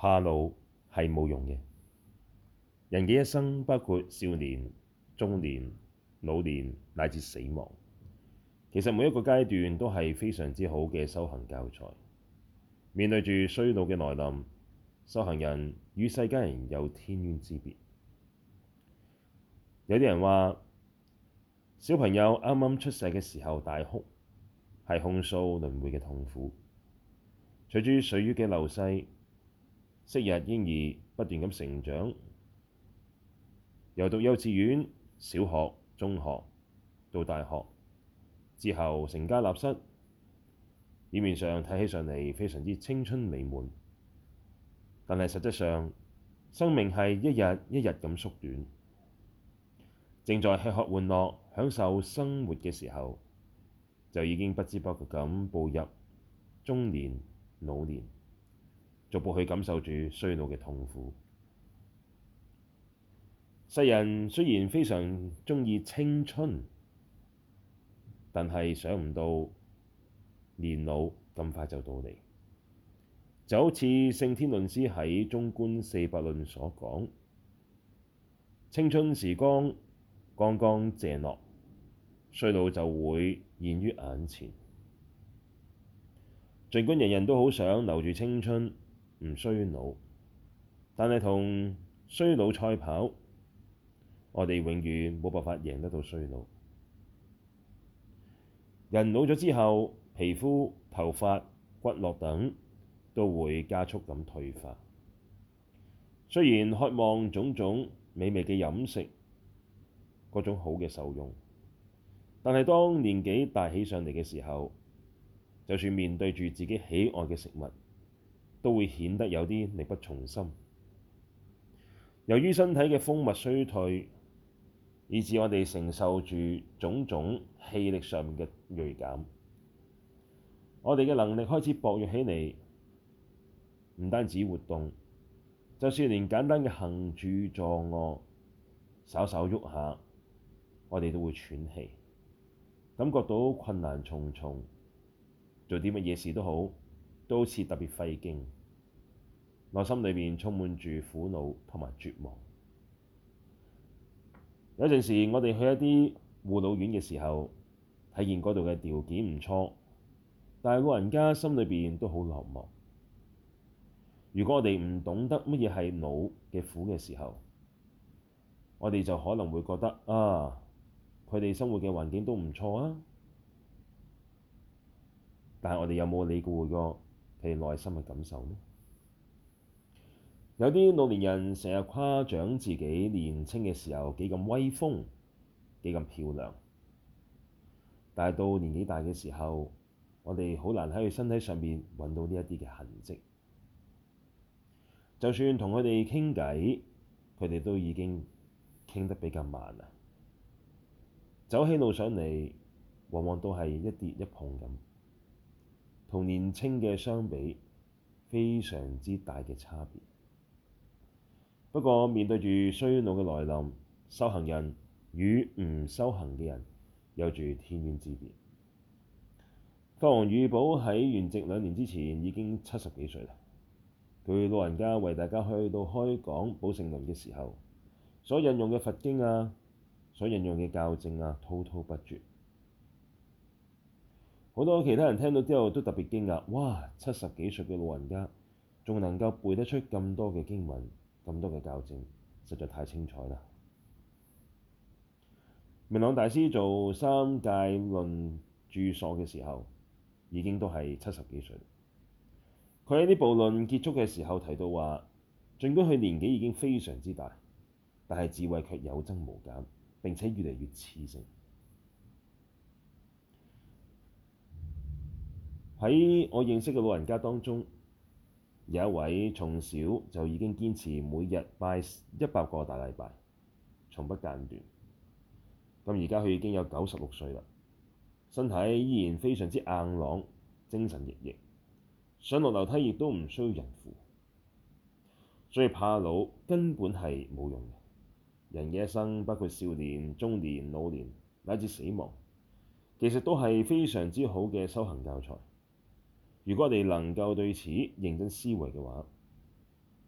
怕老係冇用嘅。人嘅一生包括少年、中年、老年乃至死亡，其實每一個階段都係非常之好嘅修行教材。面對住衰老嘅來臨，修行人與世間人有天淵之別。有啲人話：小朋友啱啱出世嘅時候大哭，係控訴輪迴嘅痛苦。隨住歲月嘅流逝，昔日嬰兒不斷咁成長，由讀幼稚園、小學、中學到大學，之後成家立室，表面上睇起上嚟非常之青春美滿，但係實際上生命係一日一日咁縮短，正在吃喝玩樂享受生活嘅時候，就已經不知不覺咁步入中年、老年。逐步去感受住衰老嘅痛苦。世人雖然非常鍾意青春，但係想唔到年老咁快就到嚟，就好似聖天論師喺《中觀四百論》所講，青春時光剛剛謝落，衰老就會現於眼前。儘管人人都好想留住青春。唔衰老，但係同衰老賽跑，我哋永遠冇辦法贏得到衰老。人老咗之後，皮膚、頭髮、骨骼等都會加速咁退化。雖然渴望種種美味嘅飲食，各種好嘅受用，但係當年紀大起上嚟嘅時候，就算面對住自己喜愛嘅食物，都會顯得有啲力不從心，由於身體嘅分泌衰退，以致我哋承受住種種氣力上面嘅鋭減，我哋嘅能力開始薄弱起嚟。唔單止活動，就算連簡單嘅行住坐卧，稍稍喐下，我哋都會喘氣，感覺到困難重重。做啲乜嘢事都好，都好似特別費勁。內心裏面充滿住苦惱同埋絕望。有陣時，我哋去一啲護老院嘅時候，睇見嗰度嘅條件唔錯，但係老人家心裏面都好落寞。如果我哋唔懂得乜嘢係老嘅苦嘅時候，我哋就可能會覺得啊，佢哋生活嘅環境都唔錯啊，但係我哋有冇理顧過佢哋佢內心嘅感受呢？有啲老年人成日誇獎自己年青嘅時候幾咁威風，幾咁漂亮。但係到年紀大嘅時候，我哋好難喺佢身體上面揾到呢一啲嘅痕跡。就算同佢哋傾偈，佢哋都已經傾得比較慢啦。走起路上嚟，往往都係一跌一碰咁，同年青嘅相比，非常之大嘅差別。不過面對住衰老嘅來臨，修行人與唔修行嘅人有住天淵之別。法王宇寶喺圓寂兩年之前已經七十幾歲啦。佢老人家為大家去到開講《寶成論》嘅時候，所引用嘅佛經啊，所引用嘅教證啊，滔滔不絕。好多其他人聽到之後都特別驚訝，哇！七十幾歲嘅老人家仲能夠背得出咁多嘅經文。咁多嘅教證實在太精彩啦！明朗大師做三界論註疏嘅時候，已經都係七十幾歲。佢喺呢部論結束嘅時候提到話，儘管佢年紀已經非常之大，但係智慧卻有增無減，並且越嚟越似性。喺我認識嘅老人家當中，有一位從小就已經堅持每日拜一百個大禮拜，從不間斷。咁而家佢已經有九十六歲啦，身體依然非常之硬朗，精神奕奕，上落樓梯亦都唔需要人扶。所以怕老根本係冇用嘅。人嘅一生，包括少年、中年、老年乃至死亡，其實都係非常之好嘅修行教材。如果我哋能夠對此認真思維嘅話，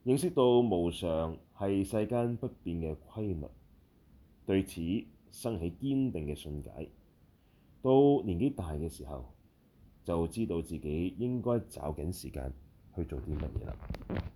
認識到無常係世間不變嘅規律，對此生起堅定嘅信解，到年紀大嘅時候，就知道自己應該抓緊時間去做啲乜嘢啦。